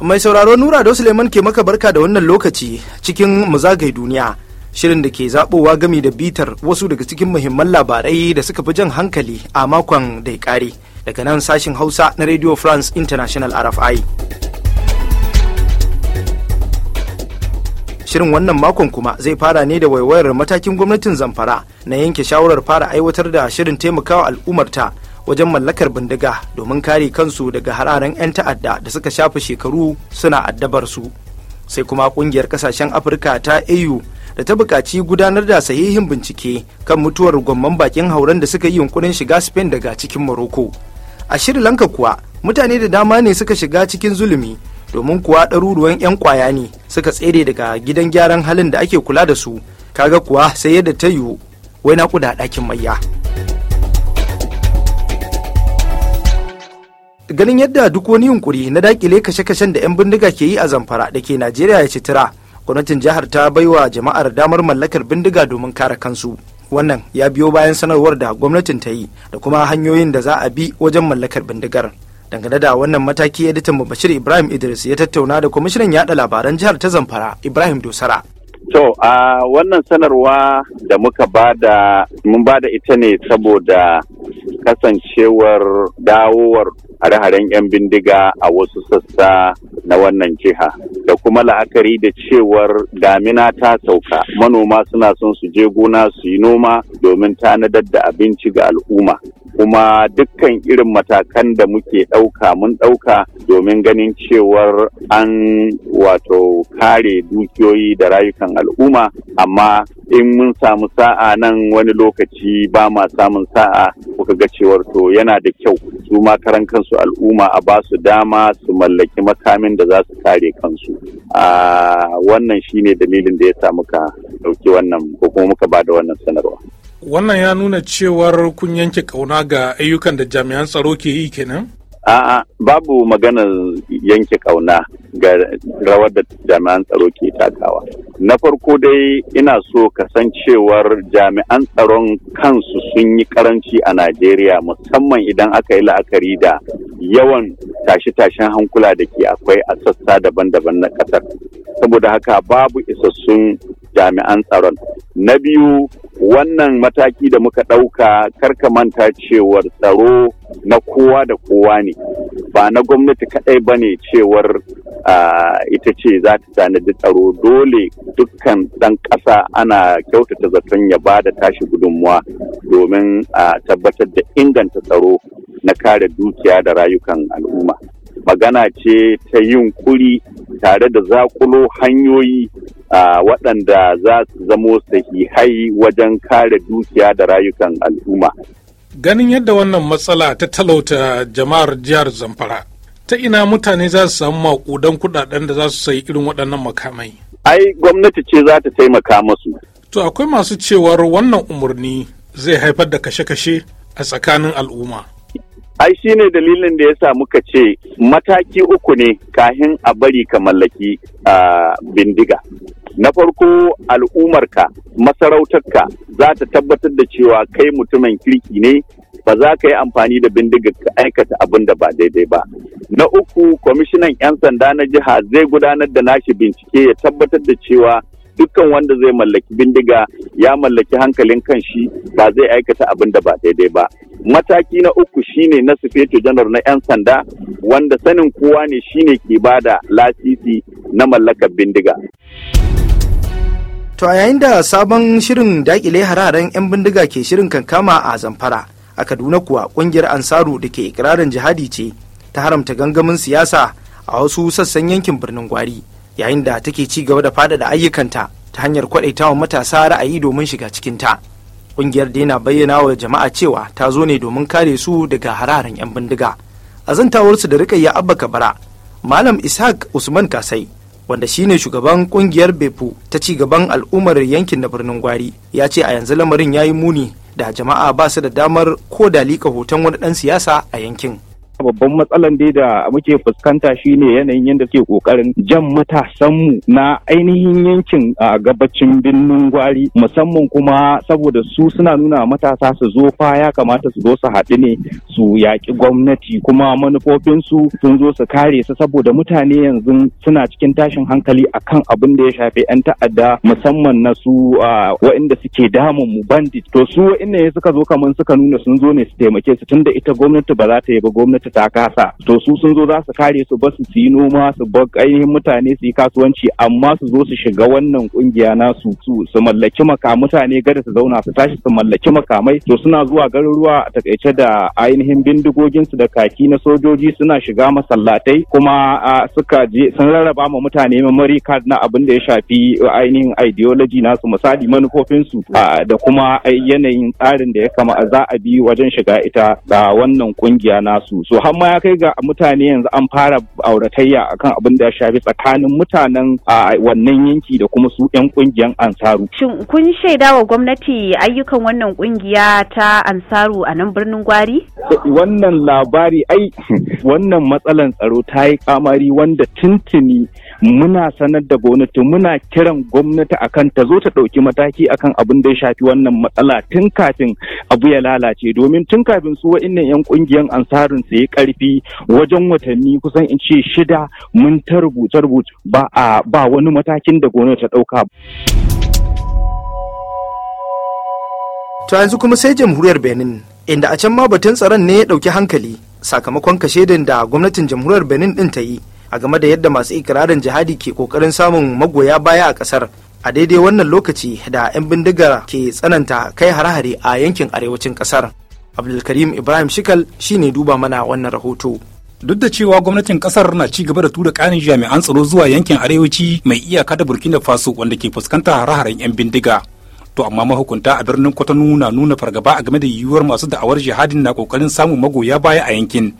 Mai sauraro Nura da Suleiman ke maka barka da wannan lokaci cikin muzagai duniya. Shirin da ke zaɓowa gami da bitar wasu daga cikin muhimman labarai da suka fi jan hankali a makon da ya ƙare. Daga nan sashin Hausa na Radio France International RFI. Shirin wannan makon kuma zai fara ne da waiwayar matakin gwamnatin Zamfara na yanke shawarar fara aiwatar da shirin taimakawa al'ummarta wajen mallakar bindiga domin kare kansu daga hararen 'yan ta'adda da suka shafe shekaru suna addabar su sai kuma kungiyar kasashen afirka ta au da ta bukaci gudanar da sahihin bincike kan mutuwar gwamman bakin hauren da suka yi yunkurin shiga spain daga cikin morocco a shirin lanka kuwa mutane da dama ne suka shiga cikin zulumi domin kuwa ɗaruruwan 'yan kwaya ne suka tsere daga gidan gyaran halin da ake kula da su kaga kuwa sai yadda ta yiwu wai na kuda ɗakin mayya. ganin yadda duk wani yunkuri na dakile kashe-kashen da 'yan bindiga ke yi a zamfara da ke najeriya ya ci tira gwamnatin jihar ta baiwa jama'ar damar mallakar bindiga domin kare kansu wannan ya biyo bayan sanarwar da gwamnatin ta yi da kuma hanyoyin da za a bi wajen mallakar bindigar dangane da wannan mataki editan mu bashir ibrahim idris ya tattauna da kwamishinan yada labaran jihar ta zamfara ibrahim dosara To, a wannan sanarwa da muka bada, mun bada ita ne saboda kasancewar dawowar hare-haren 'yan bindiga a wasu sassa na wannan jiha da kuma la'akari da cewar damina ta sauka manoma suna son su je gona su yi noma domin tanadar da abinci ga al'umma kuma dukkan irin matakan da muke ɗauka mun ɗauka domin ganin cewar an wato kare dukiyoyi da rayukan al'umma amma in mun samu sa'a nan wani lokaci ba ma samun sa'a kuka ga cewar to yana da kyau su ma wasu al'umma a ba su dama su mallaki makamin da za su kare kansu a wannan shine dalilin da ya sa muka ɗauki wannan ko kuma muka ba da wannan sanarwa wannan ya nuna cewar kun yanke kauna ga ayyukan da jami'an tsaro ke yi kenan a'a babu maganar yanke kauna ga rawar da jami'an tsaro ke takawa. Na farko dai ina so kasancewar jami'an tsaron kansu sun yi karanci a Najeriya musamman idan aka yi la'akari da yawan tashe-tashen hankula da ke akwai a sassa daban-daban na ƙasar. Saboda haka babu isassun jami'an tsaron. Na biyu wannan mataki da muka ɗauka karka manta cewar tsaro na kowa da kowa ne ba na gwamnati kadai ba ne cewar ita ce za ta tanadi tsaro dole dukkan ɗan ƙasa ana kyautata zaton ya ba da tashi gudunmuwa domin a tabbatar da inganta tsaro na kare dukiya da rayukan al'umma magana ce ta yin kuri tare da zakulo hanyoyi waɗanda za su zamo sahihai wajen kare dukiya da rayukan al'umma ganin yadda wannan matsala ta talauta jama'ar jihar zamfara ta ina mutane za su samu maƙudan kudaden da za su sayi irin waɗannan makamai ai gwamnati ce za ta taimaka masu to akwai masu cewar wannan umarni zai haifar da kashe-kashe a tsakanin al'umma ai shi ne dalilin da ya sa muka ce mataki uku ne kahin a bari ka mallaki bindiga na farko al'umarka masarautarka za ta tabbatar da cewa kai mutumin kirki ne ba za ka yi amfani da bindiga ka aikata abin da ba daidai ba na uku kwamishinan 'yan sanda na jiha zai gudanar da nashi bincike ya tabbatar da cewa dukkan wanda zai mallaki bindiga ya mallaki hankalin kan shi ba zai aikata abin da ba daidai ba mataki na uku shine na sufeto janar na 'yan sanda wanda sanin kowa ne shine ke ba da lasisi na mallakar bindiga to a yayin da sabon shirin dakile hararen 'yan bindiga ke shirin kankama a zamfara a kaduna kuwa kungiyar ansaru da ke ikirarin jihadi ce ta haramta gangamin siyasa a wasu sassan yankin birnin gwari yayin da take ci gaba da faɗaɗa ayyukanta ta hanyar wa matasa ra'ayi domin shiga cikinta ƙungiyar da yana bayyana wa jama'a cewa ta zo ne domin kare su daga hararen 'yan bindiga a zantawarsu da rikayya abba kabara malam ishaq usman kasai wanda shine shugaban kungiyar bepu ta ci gaban al'ummar yankin na birnin gwari ya ce a yanzu lamarin ya yi muni da jama'a ba su da damar ko da lika hoton wani ɗan siyasa a yankin babban matsalan dai da muke fuskanta shine yanayin yadda suke kokarin jan matasanmu na ainihin yankin a gabacin birnin gwari musamman kuma saboda su suna nuna matasa su zo fa ya kamata su zo su haɗu ne su yaƙi gwamnati kuma manufofinsu sun zo su kare su saboda mutane yanzu suna cikin tashin hankali akan abin da ya shafi 'yan ta'adda musamman na su waɗanda suke damun mu bandit to su ya suka zo kamar suka nuna sun zo ne su taimake su tunda ita gwamnati ba za ta yi ba gwamnati su ta kasa to su sun zo za su kare su ba su yi noma su bar ainihin mutane su yi kasuwanci amma su zo su shiga wannan kungiya nasu su su mallaki maka mutane gada su zauna su tashi su mallaki makamai to suna zuwa garuruwa a takaice da ainihin bindigogin su da kaki na sojoji suna shiga masallatai kuma suka je sun rarraba ma mutane memory card na abin da ya shafi ainihin ideology nasu misali manufofin su da kuma yanayin tsarin da ya kama za a bi wajen shiga ita da wannan kungiya nasu so har ma ya kai ga mutane yanzu an fara auratayya akan abin da ya shafi tsakanin mutanen a wannan yanki da kuma su yan kungiyan ansaru shin kun shaida wa gwamnati ayyukan wannan kungiya ta ansaru a nan birnin gwari wannan labari ai wannan matsalan tsaro ta yi kamari wanda tuntuni muna sanar da gwamnati muna kiran gwamnati akan ta zo ta ɗauki mataki akan abin da ya shafi wannan matsala tun kafin abu ya lalace domin tun kafin su wa'innan yan kungiyan ansarin su yi karfi wajen watanni kusan in ce shida mun ta rubuce rubuce ba wani matakin da gwamnati ta ɗauka. To yanzu kuma sai jamhuriyar Benin inda a can ma batun tsaron ne ya ɗauki hankali sakamakon kashedin da gwamnatin jamhuriyar Benin ɗin ta yi a game da yadda masu ikirarin jihadi ke kokarin samun magoya baya a kasar a daidai wannan lokaci da 'yan bindigar ke tsananta kai hare-hare a yankin arewacin kasar abdulkarim ibrahim shikal shine duba mana wannan rahoto duk da cewa gwamnatin kasar na ci gaba da tura kanin jami'an tsaro zuwa yankin arewaci mai iyaka da burkina faso wanda ke fuskanta hare-haren 'yan bindiga to amma mahukunta a birnin kwatano na nuna fargaba a game da yiwuwar masu da'awar jihadin na kokarin samun magoya baya a yankin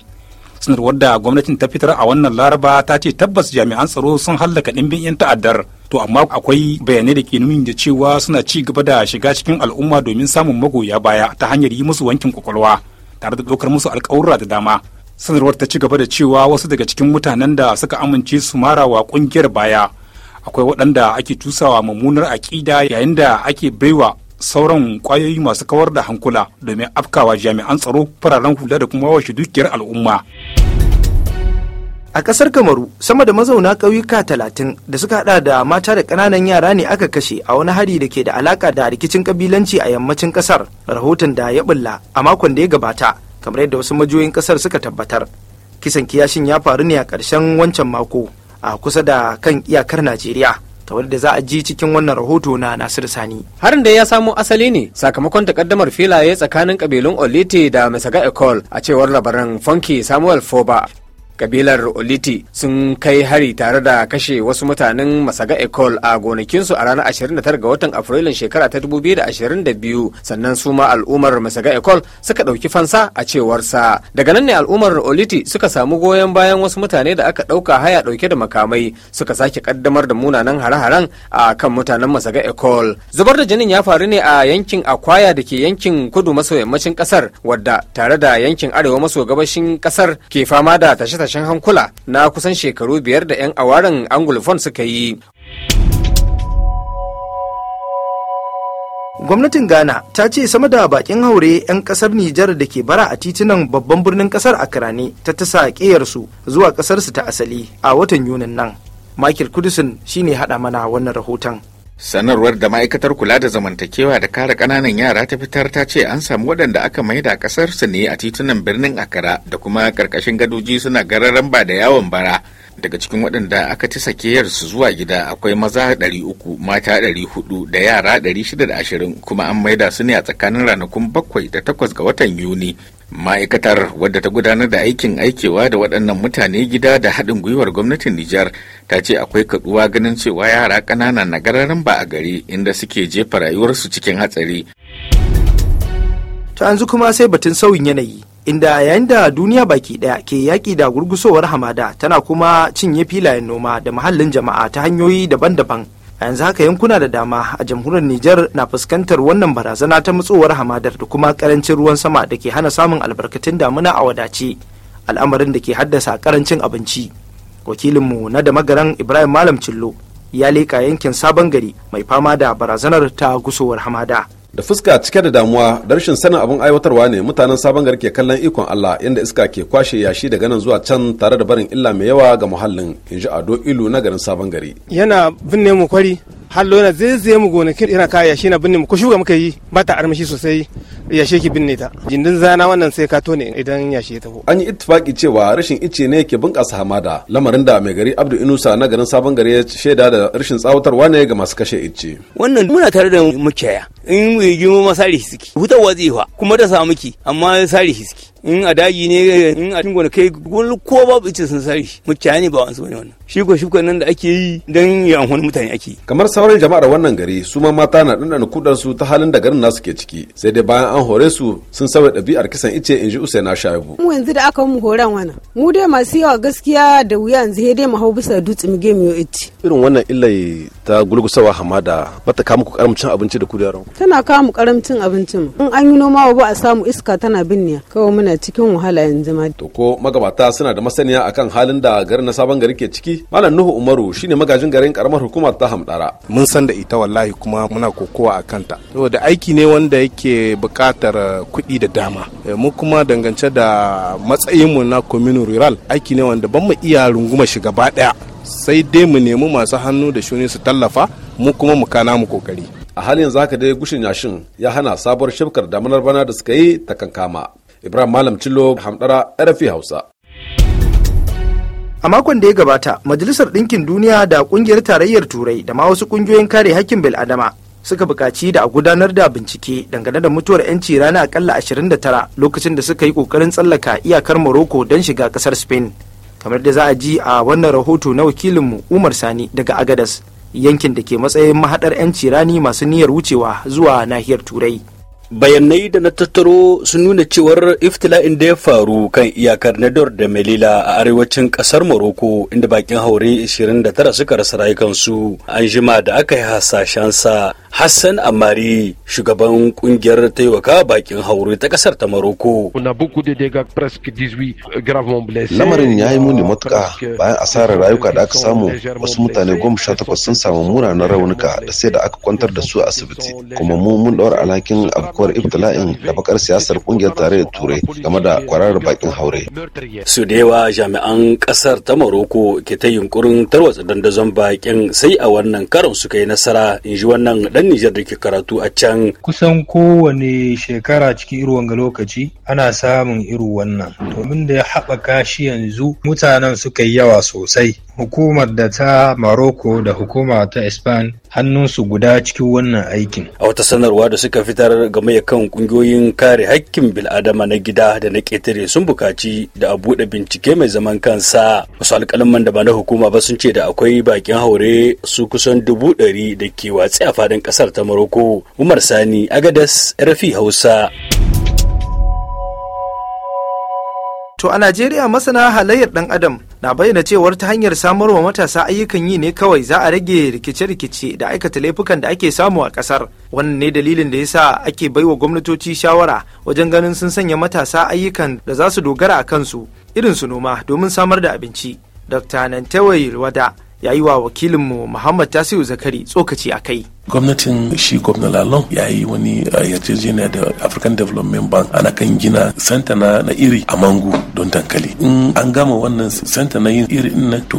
sanarwar da gwamnatin ta fitar a wannan laraba ta ce tabbas jami'an tsaro sun hallaka ɗimbin 'yan ta'addar to amma akwai bayanai da ke nuni da cewa suna ci gaba da shiga cikin al'umma domin samun magoya baya ta hanyar yi musu wankin kwakwalwa tare da ɗaukar musu alƙawura da dama sanarwar ta ci gaba da cewa wasu daga cikin mutanen da suka amince su mara wa kungiyar baya akwai waɗanda ake tusawa mummunar aƙida yayin da ake baiwa sauran kwayoyi masu kawar da hankula domin afkawa jami'an tsaro fararen hula da kuma washe dukiyar al'umma. A ƙasar Kamaru, sama da mazauna ƙauyuka talatin da suka haɗa da mata da ƙananan yara ne aka kashe a wani hari da ke da alaƙa da rikicin ƙabilanci a yammacin ƙasar, rahoton da ya bulla a makon da ya gabata, kamar yadda wasu majiyoyin ƙasar suka tabbatar. Kisan kiyashin ya faru ne a ƙarshen wancan mako a kusa da kan iyakar Najeriya. ta wadda za a ji cikin wannan rahoto na Nasiru Sani. Harin da ya samo asali ne sakamakon takaddamar filaye tsakanin kabilun Olite da masaga Ecole a cewar labaran Funky Samuel Foba kabilar oliti sun kai hari tare da kashe wasu mutanen masaga Ecole a gonakinsu a ranar 29 ga watan afrilun shekara ta 2022 sannan su ma al'ummar masaga Ecole suka ɗauki fansa a cewarsa daga nan ne al'ummar oliti suka samu goyon bayan wasu mutane da aka ɗauka haya ɗauke da makamai suka sake kaddamar da munanan hare-haren a kan mutanen masaga Ecole. zubar da jinin ya faru ne a yankin akwaya da ke yankin kudu maso yammacin kasar wadda tare da yankin arewa maso gabashin kasar ke fama da tashe-tashe tashe hankula na kusan shekaru biyar da 'yan awarin anglophone suka yi gwamnatin ghana ta ce sama da bakin haure 'yan kasar nijar da ke bara a titunan babban birnin kasar a ne ta ta tasa ƙeyarsu zuwa kasarsu ta asali a watan yunin nan michael kudusin shine hada mana wannan rahoton sanarwar da ma'aikatar kula da zamantakewa da kare kananan yara ta fitar ta ce an samu waɗanda aka maida kasar su ne a titunan birnin akara da kuma karkashin gadoji suna gararan ba da yawon bara daga cikin waɗanda aka ci sakeyar su zuwa gida akwai maza 300 mata 400 da yara 620 kuma an maida su ne a tsakanin ranakun 7 da 8 ga watan yuni ma'aikatar wadda ta gudanar da aikin aikewa da waɗannan mutane gida da haɗin gwiwar gwamnatin nijar ta ce akwai kaɗuwa ganin cewa yara ƙanana na gararin ba a gari inda suke jefa rayuwarsu cikin hatsari ta yanzu kuma sai batun sauyin yanayi inda yayin da duniya baki ɗaya ke yaƙi da gurgusowar hamada tana kuma cinye filayen noma da muhallin jama'a ta hanyoyi daban-daban a yanzu haka yankuna da dama a jamhuriyar Nijar na fuskantar wannan barazana ta matsowar hamadar da kuma karancin ruwan sama da ke hana samun albarkatun damuna a wadace al'amarin da ke haddasa karancin abinci wakilinmu na da magaran Ibrahim Malam Cillo ya leƙa yankin sabon gari mai fama da barazanar ta gusowar hamada da fuska cike da damuwa da rashin sanin abin aiwatarwa ne mutanen sabon gari ke kallon ikon Allah yadda iska ke kwashe yashi daga nan zuwa can tare da barin illa mai yawa ga muhallin in ji ado ilu na garin sabon gari yana binne mu kwari hallo yana zai mu gonakin ina kaya yashi na binne mu ko shuka muka yi ba ta armashi sosai yashe ki binne ta jindin zana wannan sai ka tone idan yashe ta an yi ittifaki cewa rashin ice ne yake bunƙasa hamada lamarin da mai gari Abdu Inusa na garin Sabon Gari ya shaida da rashin tsawatarwa ne ga masu kashe ice wannan muna tare da mukiyaya in mu yi gimo ma sare hiski hutawa zai kuma ta samu ki amma sare hiski in a daji ne in a cikin kai wani ko babu ice sun sari mutane ba wansu bane wannan shi ko shukan nan da ake yi don ya amfani mutane ake kamar sauran jama'ar wannan gari su ma mata na dandana kudan su ta halin da garin nasu ke ciki sai dai bayan an hore su sun sauya ɗabi'ar kisan ice in ji na shaibu mu yanzu da aka mu horan wannan mu dai masu yawa gaskiya da wuya yanzu sai dai mu hau bisa dutse mu ge mu ice irin wannan illai ta gulgusawa hamada bata kama ku karamcin abinci da kudu yaron tana kama karamcin abincin in an yi noma ba a samu iska tana binniya kawai muna ana cikin wahala yanzu ma. To ko magabata suna da masaniya akan halin da garin na sabon gari ke ciki? Malam Nuhu Umaru shine magajin garin karamar hukumar ta Hamdara. Mun san da ita wallahi kuma muna kokowa a kanta. Saboda aiki ne wanda yake buƙatar eh, kuɗi da dama. Eh, mu kuma dangance da matsayinmu na communal rural aiki ne wanda ban mu iya runguma shi gaba ɗaya. Sai dai mu nemi masu hannu da shuni su tallafa mu kuma mu kana mu kokari. a halin yanzu haka dai gushin yashin ya hana sabuwar shafkar damanar bana da suka yi ta kankama Ibrahim Malam Cillo Hamdara RFI Hausa. A makon da ya gabata, Majalisar Ɗinkin Duniya da Ƙungiyar Tarayyar Turai da ma wasu ƙungiyoyin kare hakkin bil'adama suka buƙaci da a gudanar da bincike dangane da mutuwar 'yanci rana akalla 29 lokacin da suka yi ƙoƙarin tsallaka iyakar Morocco don shiga ƙasar Spain. Kamar da za a ji a wannan rahoto na wakilinmu Umar Sani daga Agadas, yankin da ke matsayin mahaɗar 'yanci rani masu niyyar wucewa zuwa nahiyar Turai. bayanai da na tattaro sun nuna cewar iftila'in da ya faru kan iyakar nador da melila a arewacin kasar morocco inda bakin haure 29 suka rasa rayukansu an jima da aka yi hasashensa Hassan Amari shugaban kungiyar taimaka bakin haure ta kasar ta Maroko. Euh, Lamarin ya yi euh, muni matuka bayan asarar rayuka da aka samu wasu mutane goma sha takwas sun samu munanan raunuka da sai da aka kwantar da su a asibiti. Kuma mu mun ɗaura alhakin afkuwar ibtila'in da bakar siyasar kungiyar tarayyar turai game da kwararar bakin haure. Su da yawa jami'an kasar ta Maroko ke ta yunkurin tarwatsa dandazon bakin sai a wannan karon suka yi nasara in ji wannan ɗan Nijar da ke karatu a can. Kusan kowane shekara cikin irin wanga lokaci ana samun irin wannan. Domin da ya haɓaka shi yanzu mutanen suka yi yawa sosai. Hukumar da ta Maroko da hukuma ta espan hannunsu guda cikin wannan aikin. A wata sanarwa da suka fitar game da kan kungiyoyin kare hakkin bil'adama na gida da na ƙetare sun bukaci da a buɗe bincike mai zaman kansa. Wasu alƙalman da ba na hukuma ba sun ce da akwai bakin haure su kusan dubu ɗari da ke watsi a fadin ƙasar ta Maroko. Umar Sani, Agadas, Rafi Hausa. To a Najeriya masana halayyar ɗan adam na bayyana cewar ta hanyar samar wa matasa ayyukan yi ne kawai za a rage rikice-rikice da aikata laifukan da ake samu a ƙasar. Wannan ne dalilin da yasa ake baiwa gwamnatoci shawara wajen ganin sun sanya matasa ayyukan da za su dogara a kansu irin su noma domin samar da abinci. Dr. Nantewai Wada ya yi wa wakilinmu Muhammad Tasiru Zakari tsokaci a kai. gwamnatin shi gwamnan lalon ya yi wani uh, yarjejeniya da african development bank ana kan gina santa na, na iri a mangu don dankali in an gama wannan santa na yin iri na to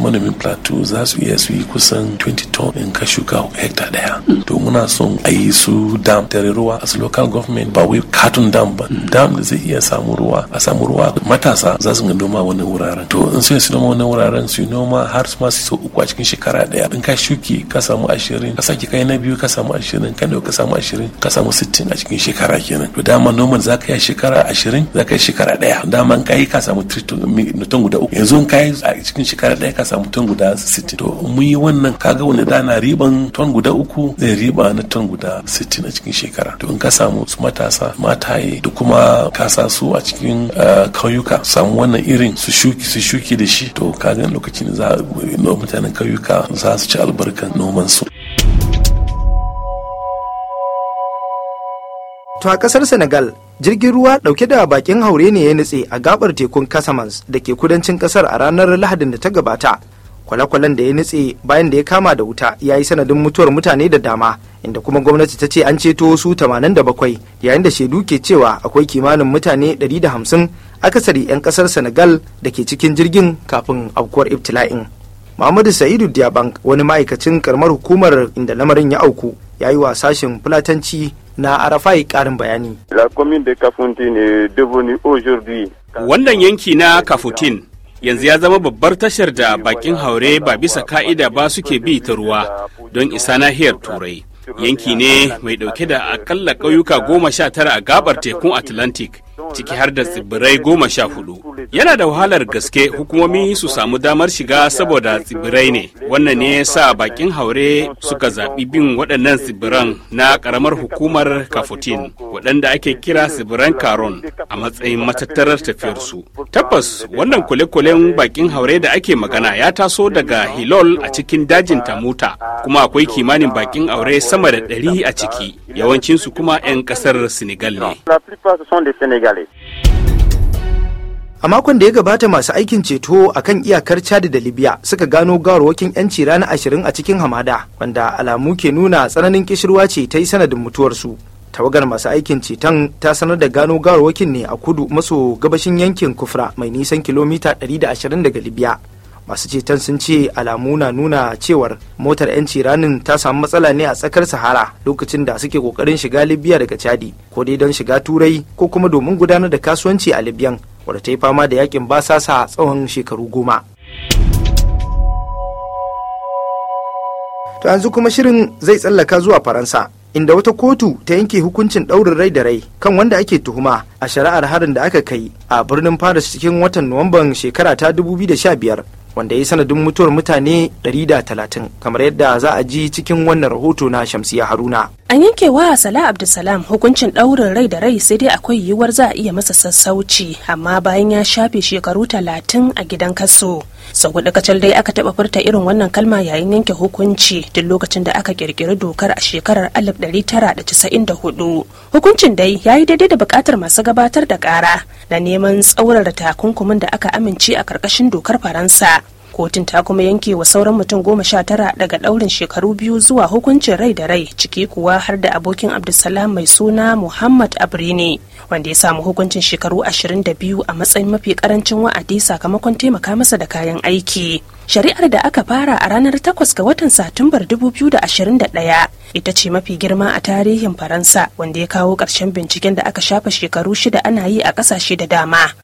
manomin plateau za su iya su yi kusan 20 ton in ka shuka hekta daya to muna son a yi su dam tare ruwa as local government ba wai katun dam ba dam da zai iya samu ruwa a samu ruwa matasa za su ga noma wani wuraren to in sun su noma wani wuraren su noma har su ma su uku a cikin shekara daya in ka shuki ka samu ashirin ka ki kai na biyu ka samu ashirin ka ka samu ashirin ka samu sittin a cikin shekara kenan to dama noman za ka yi shekara ashirin za ka yi shekara ɗaya dama ka yi ka samu ton guda uku yanzu ka yi a cikin shekara ɗaya ka samu ton guda sittin to mu yi wannan ga wani dana riban ton guda uku zai riba na ton guda sittin a cikin shekara to in ka samu su matasa mataye da kuma ka sa su a cikin eh, kauyuka samu wannan irin su shuki su shuki da shi to ka ga lokacin za mutanen kauyuka za su ci albarkan noman su. To a kasar Senegal, jirgin ruwa dauke da bakin haure ne ya nutse a gabar tekun Casamance da ke kudancin kasar a ranar Lahadin da ta gabata. Kwale-kwalen da ya nutse bayan da ya kama da wuta ya yi sanadin mutuwar mutane da dama, inda kuma gwamnati ta ce an ceto su 87 yayin da shaidu ke cewa akwai kimanin mutane 150 akasari 'yan kasar Senegal da ke cikin jirgin kafin aukuwar ibtila'in. Muhammadu Sa'idu Diabank wani ma'aikacin karamar hukumar inda lamarin ya auku ya yi wa sashen fulatanci na arafai karin bayani wannan yanki na kafutin yanzu ya zama babbar tashar da bakin haure ba bisa ka'ida ba suke bi ta ruwa don isa nahiyar turai yanki ne mai dauke da akalla ƙauyuka goma sha tara a gabar tekun atlantic ciki har da tsibirai goma sha hudu. Yana da wahalar gaske hukumomi su samu damar shiga saboda tsibirai ne. Wannan ne ya sa bakin haure suka zaɓi bin waɗannan tsibiran na ƙaramar hukumar Kafutin, waɗanda ake kira tsibiran Karon a matsayin matattarar tafiyarsu. Tabbas wannan kule-kulen bakin haure da ake magana ya taso daga Hilol a cikin dajin Tamuta, kuma akwai kimanin bakin aure sama da ɗari a ciki. yawancinsu kuma 'yan kasar Senegal ne. A makon da ya gabata masu aikin ceto a kan iyakar Chad da Libya suka gano gawarwakin 'yanci rana ashirin a cikin hamada, wanda alamu ke nuna tsananin kishirwa ce ta yi sanadin mutuwarsu. Tawagar masu aikin ceton ta sanar da gano gawarwakin ne a kudu maso gabashin yankin Kufra mai nisan kilomita 120 daga Libya. masu ceton sun ce alamu na nuna cewar motar 'yanci ranin ta samu matsala ne a tsakar sahara lokacin da suke kokarin shiga libya daga chadi ko dai don shiga turai ko kuma domin gudanar da kasuwanci a libyan wadda ta yi fama da yakin basasa tsawon shekaru goma to yanzu kuma shirin zai tsallaka zuwa faransa inda wata kotu ta yanke hukuncin ɗaurin rai da rai kan wanda ake tuhuma a shari'ar harin da aka kai a birnin paris cikin watan nuwamban shekara ta 2015 wanda ya sanadin mutuwar mutane 130 kamar yadda za a ji cikin wannan rahoto na shamsiya haruna an yanke wa sala abdulsalam hukuncin ɗaurin rai da rai sai dai akwai yiwuwar za a iya masa sassauci amma bayan ya shafe shekaru 30 a gidan kaso sau da kacal dai aka taba furta irin wannan kalma yayin yanke hukunci duk lokacin da aka kirkiri dokar a shekarar 1994 hukuncin dai ya yi daidai da bukatar masu gabatar da kara na neman tsaurara takunkumin da aka amince a karkashin dokar faransa kotun ta kuma yanke wa sauran mutum goma sha tara daga ɗaurin shekaru biyu zuwa hukuncin rai da rai ciki kuwa har da abokin abdulsalam mai suna muhammad abrini wanda ya samu hukuncin shekaru ashirin da biyu a matsayin mafi karancin wa'adi sakamakon taimaka masa da kayan aiki shari'ar da aka fara a ranar 8 ga watan satumbar 2021 ita ce mafi girma a tarihin faransa wanda ya kawo ƙarshen binciken da aka shafa shekaru shida ana yi a ƙasashe da dama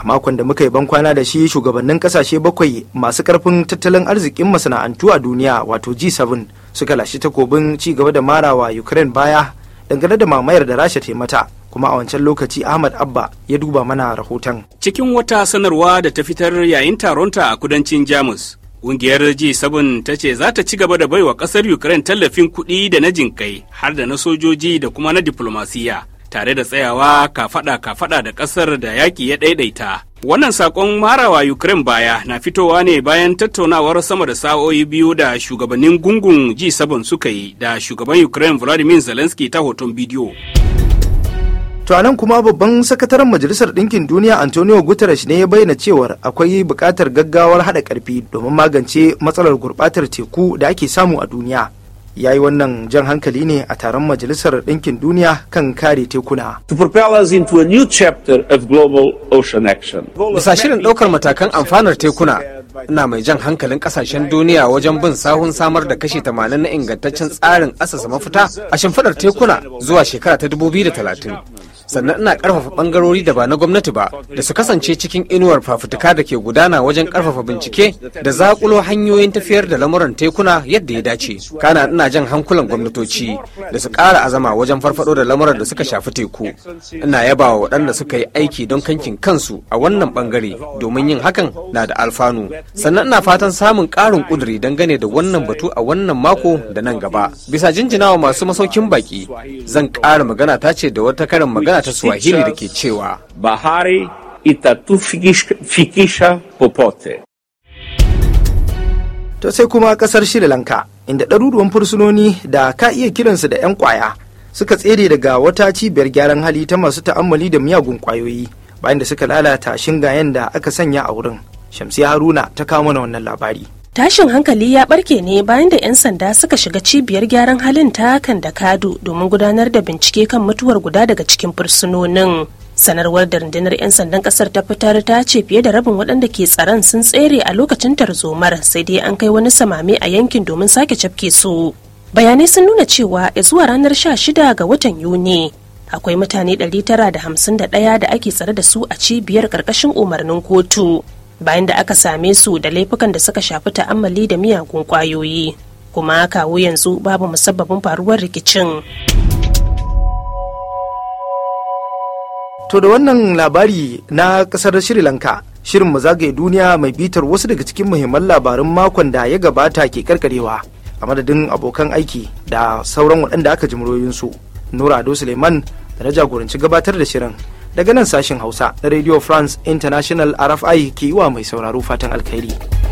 a makon da muka yi bankwana da shi shugabannin kasashe bakwai masu karfin tattalin arzikin masana'antu a duniya wato g7 suka lashe takobin ci gaba da marawa ukraine baya dangane da mamayar da rasha ta mata kuma a wancan lokaci ahmad abba ya duba mana rahoton cikin wata sanarwa da ta fitar yayin taronta a kudancin jamus Ƙungiyar G7 ta ce za ta ci gaba da baiwa ƙasar Ukraine tallafin kuɗi da na jinkai har da na sojoji da kuma na diplomasiya tare da tsayawa kafaɗa-kafaɗa da kasar da yaƙi ya ɗaiɗaita. Wannan sakon marawa Ukraine baya na fitowa ne bayan tattaunawar sama da sa'o'i biyu da shugabannin gungun G7 suka yi da shugaban Ukraine Vladimir Zelensky ta hoton bidiyo. To nan kuma babban sakataren Majalisar Ɗinkin Duniya Antonio Guterres ne ya bayyana cewar akwai buƙatar gaggawar haɗa ƙarfi domin magance matsalar gurɓatar teku da ake samu a duniya. ya yi wannan jan hankali ne a taron majalisar ɗinkin duniya kan kare tekuna. into a New Chapter of Global Ocean Bisa shirin ɗaukar matakan amfanar tekuna, ina mai jan hankalin ƙasashen duniya wajen bin sahun samar da kashi tamanin na ingantaccen tsarin asasa mafuta a shimfiɗar tekuna zuwa shekara ta 2030. sannan ina karfafa bangarori da ba na gwamnati ba da su kasance cikin inuwar fafutuka da ke gudana wajen karfafa bincike da zakulo hanyoyin tafiyar da lamuran tekuna yadda ya dace kana ina jan hankulan gwamnatoci da su kara azama wajen farfado da lamuran da suka shafi teku ina yaba wa waɗanda suka yi aiki don kankin kansu a wannan bangare domin yin hakan na da alfanu sannan ina fatan samun ƙarin ƙuduri dangane da wannan batu a wannan mako da nan gaba bisa jinjinawa masu masaukin baki zan ƙara magana ta ce da wata karin magana ta Swahili da ke cewa bahari itatufikisha popote. To sai kuma kasar Sri Lanka inda ɗaruruwan fursunoni da ka iya kiransu da 'yan kwaya suka tsere daga wata cibiyar gyaran hali ta masu ta'ammali da miyagun kwayoyi bayan da suka lalata shingayen da aka sanya a wurin. Shamsiya Haruna ta kawo mana wannan labari. tashin hankali ya barke ne bayan da 'yan sanda suka shiga cibiyar gyaran halin ta kan da kadu domin gudanar da bincike kan mutuwar guda daga cikin fursunonin sanarwar da rundunar 'yan sandan kasar ta fitar ta ce fiye da rabin waɗanda ke tsaron sun tsere a lokacin tarzomar sai dai an kai wani samame a yankin domin sake cafke su bayanai sun nuna cewa ya zuwa ranar 16 ga watan yuni akwai mutane 951 da ake tsare da su a cibiyar ƙarƙashin umarnin kotu bayan da aka same su da laifukan da suka shafi ta'ammali da miyagun kwayoyi kuma kawo yanzu babu musabbabin faruwar rikicin to da wannan labari na kasar sri lanka shirin zagaye duniya mai bitar wasu daga cikin muhimman labarin makon da ya gabata ke karkarewa a madadin abokan aiki da sauran waɗanda aka ji muryoyinsu nura ado suleiman da na jagoranci gabatar da shirin daga nan sashen hausa na radio france international rfi ke yi wa mai sauraro fatan alkhairi